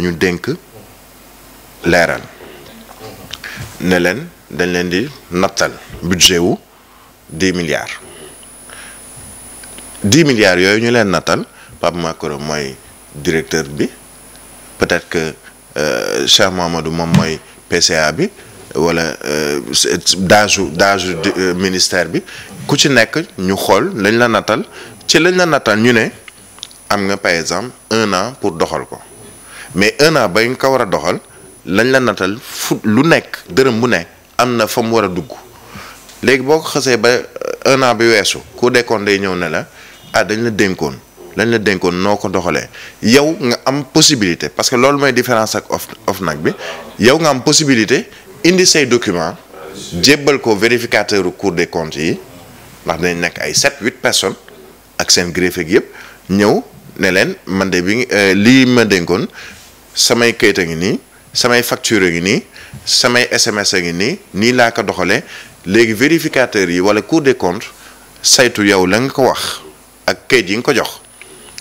la dénk leeral ne leen dañ leen di nattal budget wu dix milliards dix milliards yooyu ñu leen nattal Pape Macoro mooy directeur bi peut-être que euh, Cheikh Mamadou moom mooy PCA bi wala daaju euh, daaju euh, ministère bi ku ci nekk ñu xool lañ la natal ci lañ la nattal ñu ne am nga par exemple un an pour doxal ko mais un ba nga ko war a doxal lañ la natal fu lu nekk dërëm bu ne am na fa mu war a dugg léegi boo ko xasee ba euh, un bi weesu ku dekkoon day ñëw ne la ah dañ la dénkoon lañ la dénkoon noo ko doxalee yow nga am possibilité parce que loolu mooy différence ak of of nag bi yow nga am possibilité indi say document jébbal ko vérificateur cour des comptes yi ndax dañ nekk ay sept huit personnes ak seen greffe ak yëpp ñëw ne leen mande de bi euh, lii ma dénkoon samay kayit a ngi nii samay facture a ngi nii samay SMS a ngi nii nii laa ko doxalee léegi vérificateur yi wala cour des comptes saytu yow la nga ko wax ak kayit yi nga ko jox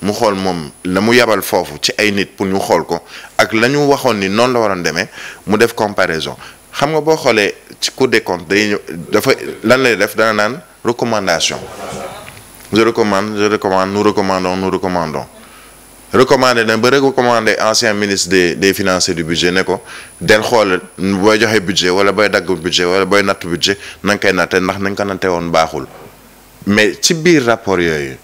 mu xool moom la mu yabal foofu ci ay nit pour ñu xool ko ak la ñu waxoon ni noonu la waroon demee mu def comparaison xam nga boo xoolee ci cour des comptes day dafa lan lay def dana naan recommandation je recommande je recommande nous recommandons nous recommandons. recommandé na ba recommandé ancien ministre de des finances et du budget ne ko del xool booy joxe budget wala booy dagg budget wala booy natt budget na nga koy natte ndax na nga ko natte woon baaxul mais ci biir rapport yooyu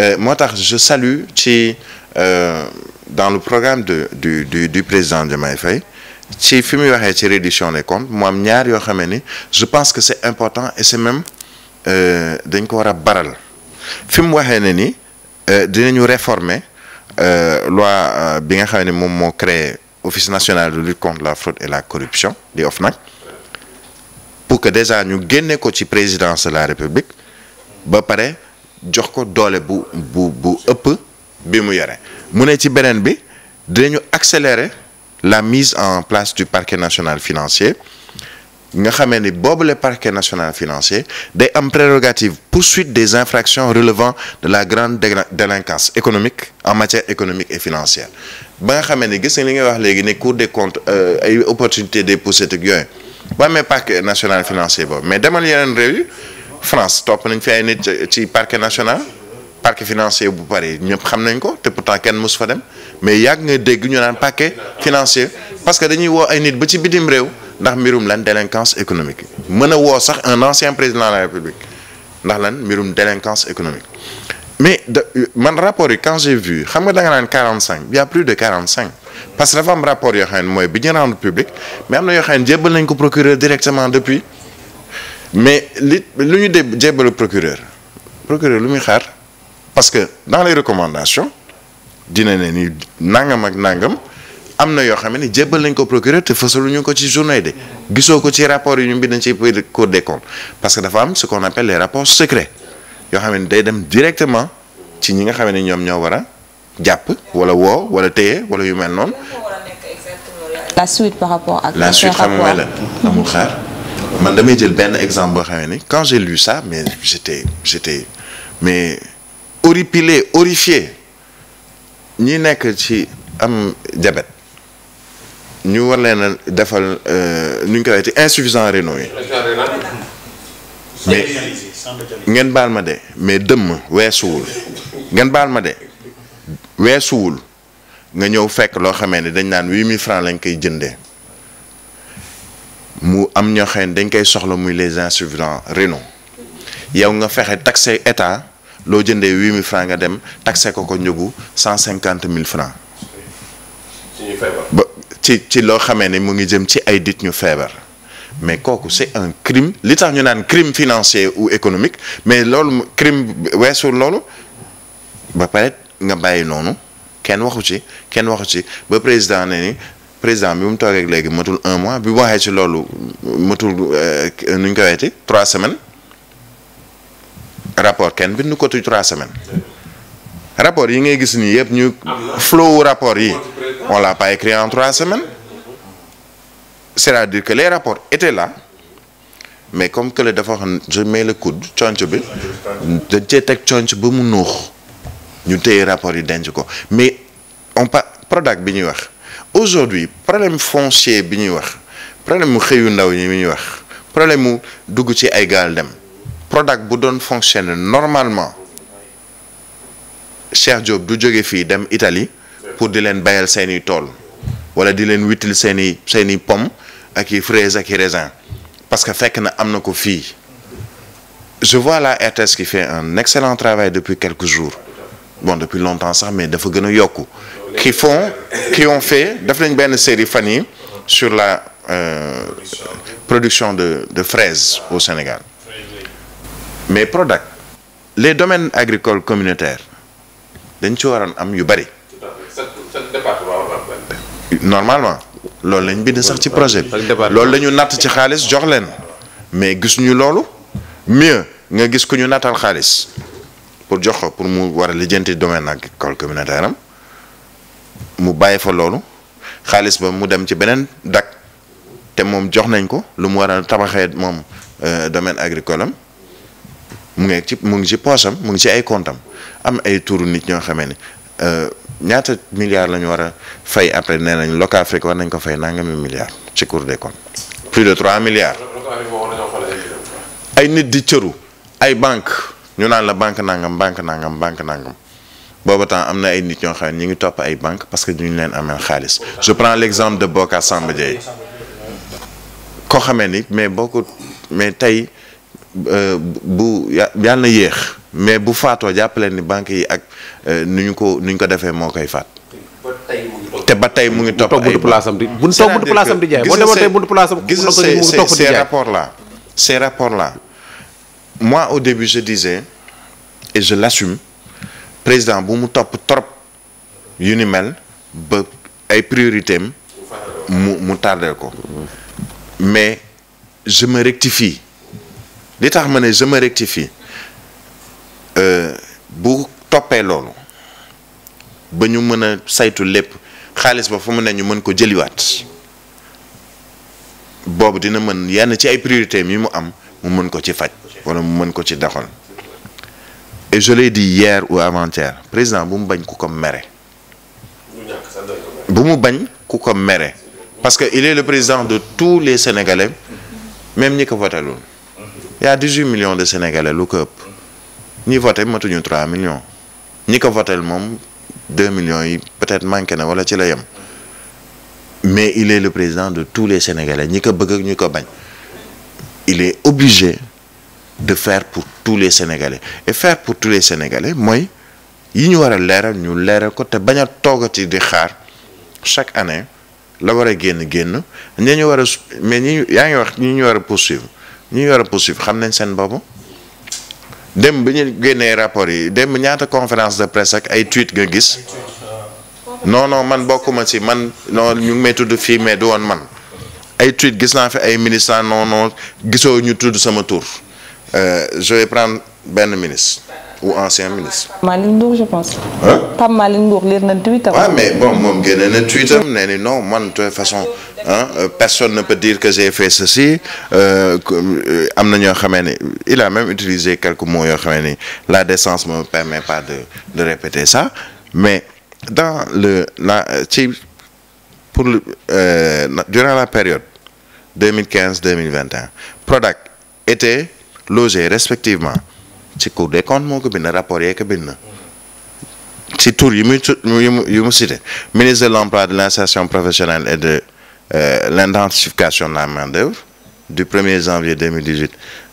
euh, moo tax je salue ci euh, dans le programme de du du du président Diomaye fay ci fi muy waxee ci reddition des comptes mu am ñaar yoo xamee ni je pense que c'est important et c'est même euh, dañ ko war a baral fi mu waxee ne nii dinañu réformer Euh, loi euh, bi nga xam ne moom moo créer office national de lutte contre la fraude et la corruption di nag pour que déjà ñu génnee ko ci présidence de la république ba pare jox ko doole bu bu bu ëpp bi mu yore mu ne ci beneen bi dinañu accélérer la mise en place du parquet national financier nga xamee ni boobu le parquet national financier day am prérogative poursuite des infractions relevant de la grande délinquance économique en matière économique et financière ba nga xamee ni gis nga li ngay wax léegi ni cour de comptes euh, ay opportunité des poussées yooyu ba amee parquet national financier boobu mais demal yeneen réew yi France topp nañ fi ay nit ci parquet national parquet financier bu Paris ñëpp xam nañ ko te pourtant kenn mosu fa dem mais yàgg nga dégg ñu naan parquet parce que dañuy woo ay nit ba ci bitim réew. ndax mbirum lan délinquance économique mën a woo sax un ancien président de la république ndax lan mbirum délinquance économique mais de man rapport yi quand j'ai vu xam nga da nga naan cinq il y a plus de 45 parce que dafa am rapport yoo xam ne mooy bi ñu rendre public mais am na yoo xam ne jébbal nañ ko procureur directement depuis mais li lu ñu dé jébbalu procureur procureur lu muy xaar parce que dans les recommandations dina ne ni nangam ak nangam. am na yoo xam ne jébbal nañ ko procureur te ñu ko ci journée de gisoo ko ci rapport yi ñu bind ci cour des comptes parce que dafa am ce qu'on appelle les rapports secrets yoo xam ne day dem directement ci ñi nga xam ne ñoom ñoo war a jàpp wala woo wala téye wala yu mel noonu. la suite par rapport ak. la xam nga la xaar man damay jël benn exemple boo xam ne quand lu sax mais j'étais j'étais mais horripilé horrifié ñi nekk ci am diabète. ñu war leen a defal euh, nu ñu koy waxee ci insuffisant rénaux yi. mais ngeen baal ma de mais dëmm weesuwul ngeen baal ma de weesuwul nga ñëw fekk loo xamee ne dañ naan huit mille francs lañ koy jënde mu am ñoo xam dañ koy soxla muy les insuffisants rénaux yow nga fexe taxé état loo jëndee huit mille francs nga dem taxé ko ko njëgu cent cinquante mille francs ci ci loo xamee ne mu ngi jëm ci ay dit ñu feebar mais kooku c'est un crime li tax ñu naan crime financier u économique mais loolu crime weesu loolu ba pare nga bàyyi noonu kenn waxu ci kenn waxu ci ba président ne ni président bi mu toogee léegi matul un mois bi mu waxee ci loolu matul euh, nuñ ko koy weeti trois semaines rapport kenn bindu ko tu trois semaines rapport yi ngay gis nii yëpp ñu flow rapport yi On ne l'a pas écrit en trois semaines. C'est-à-dire que les rapports étaient là, mais comme que le dafa je mets le coude conc bi dañ cee teg conc ba mu nuux ñu téye rapport yi denc ko mais on pa Prodac bi ñuy wax aujourd'hui problème foncier bi ñuy wax problème mu xëyu ndaw ñi bi ñuy wax problème mu dugg ci ay gaal dem Prodac bu doon fonctionner normalement Cheikh Diop du jóge fii dem Italie pour di leen bayal seen i tool wala di leen wittil seen i seen pomme ak i fraise ak i raisin parce que fekk na am na ko fii je vois la RTS qui fait un excellent travail depuis quelques jours bon depuis longtemps sax mais dafa gën a yokku qui font qui ont fait daf nañ benn série fan yi sur la euh, production de de fraises au Sénégal mais Prodac les domaines agricoles communautaire dañ ci waroon am yu bari normalement loolu lañ bind sax ci projet bi loolu la natt ci xaalis jox leen mais gisuñu loolu mieux nga gis ku ñu nattal xaalis pour jox ko pour mu war a lijjanti domaine agricole communautaire am mu bàyyi fa loolu xaalis ba mu dem ci beneen dak te moom jox nañ ko lu mu war a tabaxee moom euh, domaine agricole am mu ngi ci mu ngi ci poosam mu ngi ci ay compte am am ay turu nit ñoo xamee ni ñaata milliards la ñu war a après nee nañ Locafrique war nañ ko fay nangami milliards ci Cour des comptes plus de 3 milliards. ay nit di cëru ay banque ñu naan la banque nangam banque nangam banque nangam booba temps am na ay nit ñoo xam ñu ngi topp ay banque parce que du ñu leen ameel xaalis je prends l'exemple de Bocar Samba Dièye koo xamee ni mais boo ko mais tey euh, bu yàlla yéex mais bu faatoo jàppaleen ni banque yi ak Euh, nu ñu ko nu ko defee moo koy faat. te ba tey mu ngi topp ay place am di. bu toog buntu place am di jaay boo demoon tey buntu place am. gis nga ces ces rapports au début je disais et je président bu mu topp trop yu ni mel ba ay priorité am mu mu tardel ko mais je me rectifie li tax ma ne je me rectifie euh, bu. toppee loolu ba ñu mën a saytu lépp xaalis ba fu mu ne ñu mën ko jëliwaat boobu dina mën yenn ci ay priorité mi mu am mu mën ko ci faj wala mu mën ko ci doxal et je di dit hier ou avant président bu mu bañ ku ko mere bu mu bañ ku ko mere parce que il est le président de tous les sénégalais même ñi ko votelul y a 18 million de sénégalais lu ko ëpp ñi voté matuñu 3 millions ñi ko votel moom deux millions yi peut-être manqué na wala ci la yam mais il est le président de tous les Sénégalais ñi ko bëgg ak ñu ko bañ il est obligé de fair pour tous les Sénégalais et faire pour tous les Sénégalais mooy yi ñu war a leeral ñu leeral ko te bañ a toogati di xaar chaque année la war a génn génn ñi ñu war a mais ñi yaa ngi wax ñu ñu war a poursuivre ñu war a xam nañ seen bopp. démb bi ñu génnee rapport yi démb ñaata conférence de presse ak ay tweet nga gis non non man bokkuma ci man noonu ñu ngi may tudd fii mais du woon man ay tweet gis naa fi ay ministres non non gisoo ñu tudd sama tour euh, je vais prendre benn ministre ou ancien ministre. Malick Ndour na tweet am. waaw moom génne na tweet am nee man de façon euh, personne ne peut dire que j'ai fait ceci euh, euh, am na ñoo xamee ni il a même utilisé quelques mots yoo xamee ni la décence me permet pas de de répéter ça mais dans le la le euh, durant la période 2015 2021 Prodac était logé respectivement. ci Cour des comptes moo ko bind rapport yee ko bind na ci tur yi muy tu yu mu yu mu cité ministre de l'emploi de l'insertion professionnelle et de euh, l'intensification de la main d'œuvre du 1er janvier 2018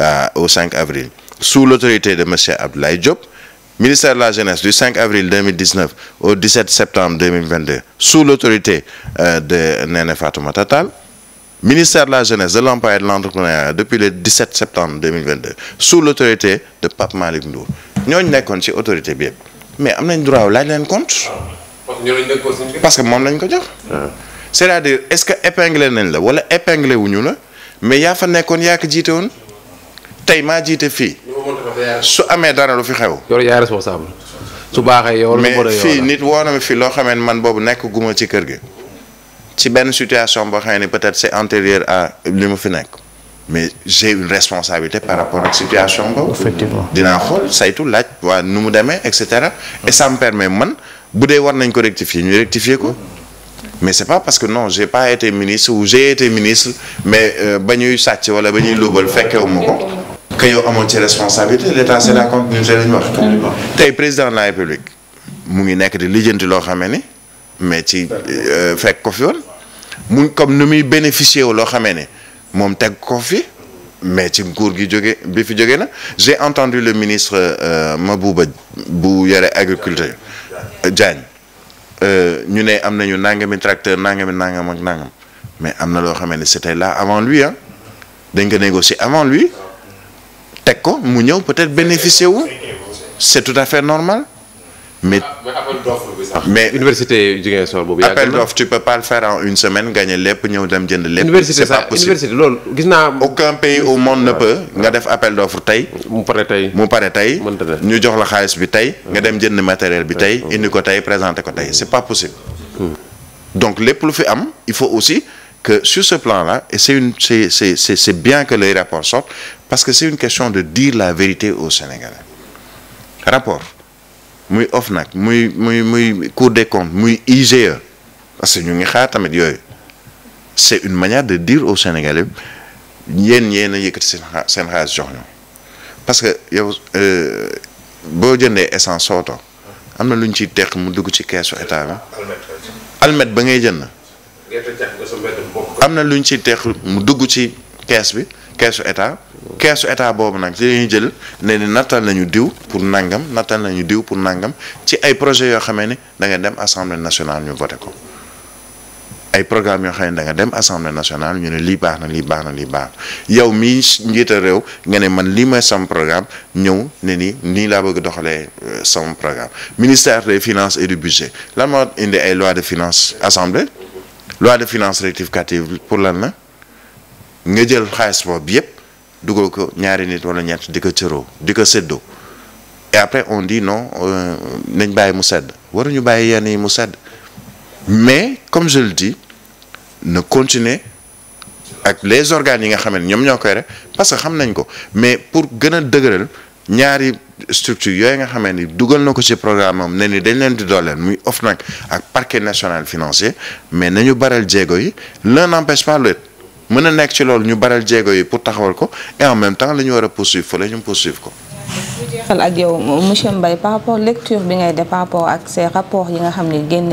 euh, au 5 avril sous l'autorité de monsieur Abdoulaye Diop ministère de la jeunesse du 5 avril 2019 au 17 septembre 2022 sous l'autorité euh, de Néné Fatoumata Tall ministère de la jeunesse de l'emploi et de l'entrepreneuriat depuis le 17 septembre 2022 sous l'autorité de Pape Malick Ndour ñooñu nekkoon ci autorité bi yëpp mais am nañ droit laaj leen compte. parce que moom lañ ko jox. c'est-à-dire est-ce que épinglé nañ la wala wu ñu la mais yaa fa nekkoon yaa ko jiite woon tey maa jiite fii. su amee dara lu fi xew. yow yaa responsable. su baaxee yow. mais fii nit woo na fii loo xamee man boobu nekk guma ci kër gi. ci benn situation boo xam ne peut-être c'est antérieur à li mu fi nekk mais j'ai une responsabilité par rapport ak situation boobu. effectivement dinaa xool saytu laaj waa nu mu demee et cetera. et ça me permet man bu dee war nañ ko rectifier ñu rectifier ko. mais c'est pas parce que non j'ai pas été ministre ou j'ai été ministre mais euh, ba ñuy sàcc wala ba ñuy luubal fekkewuma ko. que yow amoon ci responsabilité l'état c'est la continuité la ñu wax. Mm. tey président de la mu ngi nekk di lijjanti loo xam ne ni. mais ci euh, fekk ko fi yoon mu comme nu muy bénéficier wu loo xamee ne moom teg ko fi mais ci nguur gi jóge bi fi jóge na j'ai entendu le ministre euh, Mabouba bu yore agriculture Diagne euh, ñu ne am nañu nangami tracteur nangami nangam ak nangam mais am na loo xamee ne c'était là avant lui ah dañ ko négocier avant lui teg ko mu ñëw peut-être bénéficier wu c'est tout à fait normal mais ah, mais université Ziguinchor boobu. appel d'offre tu peux pas le faire en une semaine gagner lépp ñëw dem jënd lépp. c'est pas possible gis naa. aucun pays au monde ne peut nga def appel d'offre tey. mu pare tey mu pare tey. ñu jox la xaalis bi tey. nga dem jënd matériel bi tey. indi ko tey présenter ko tey c'est pas possible. Hmm. donc lépp lu fi am il faut aussi que sur ce plan-là et c'est bien que les rapports sortent parce que c'est une question de dire la vérité au Sénégalais muy nag muy muy muy Cour de comptes muy IGE parce que ñu ngi xaar tamit yooyu c'est une manière de dire au Sénégalais yéen yéen a yëkkati seen seen xaalis jox ñu parce que yow euh, boo jëndee essence soto am na lu ñu ciy teq mu dugg ci keesu état bi almet ba ngay jën jënd am na lu ñu ciy teq mu dugg ci kees bi keesu état keesu état boobu nag ci lañuy jël ne ni nattal nañu diw pour nangam nattal nañu diw pour nangam ci ay projets yoo xamee ni danga dem assemblée nationale ñu voté ko ay programme yoo xam ne da nga dem assemblée nationale ñu ne lii baax na lii baax na lii baax yow mii njiita réew nga ne man lii may sama programme ñëw ne nii nii laa bëgg doxalee euh, sama programme ministère des finance et du budget lan moo indi ay loi de finance assemblée loi de finance rectificative pour lan na nga jël xaalis boobu yëpp dugal ko ñaari nit wala ñett di ko cëroo di ko séddoo et après on dit non euh, nañ bàyyi mu sedd waruñu bàyyi yenn yi mu sedd mais comme je le dis na continuer ak les organes yi nga xam ne ñoom ñoo koy rek parce que xam nañ ko mais pour gën a dëgëral ñaari structure yooyu nga xamee ni dugal na ko ci programme am ne ni dañ leen di dooleel muy nag ak parquet national financier mais na ñu baral jéego yi l'un n'empêche pas l'autre mën a nekk ci loolu ñu baral jéego yi pour taxawal ko et en même temps li ñu war a poursuivre fële ñu poursuivre ko. jeexal ak yow monsieur Mbaye par rapport lecture bi ngay def par rapport ak ces rapports yi nga xam ni génne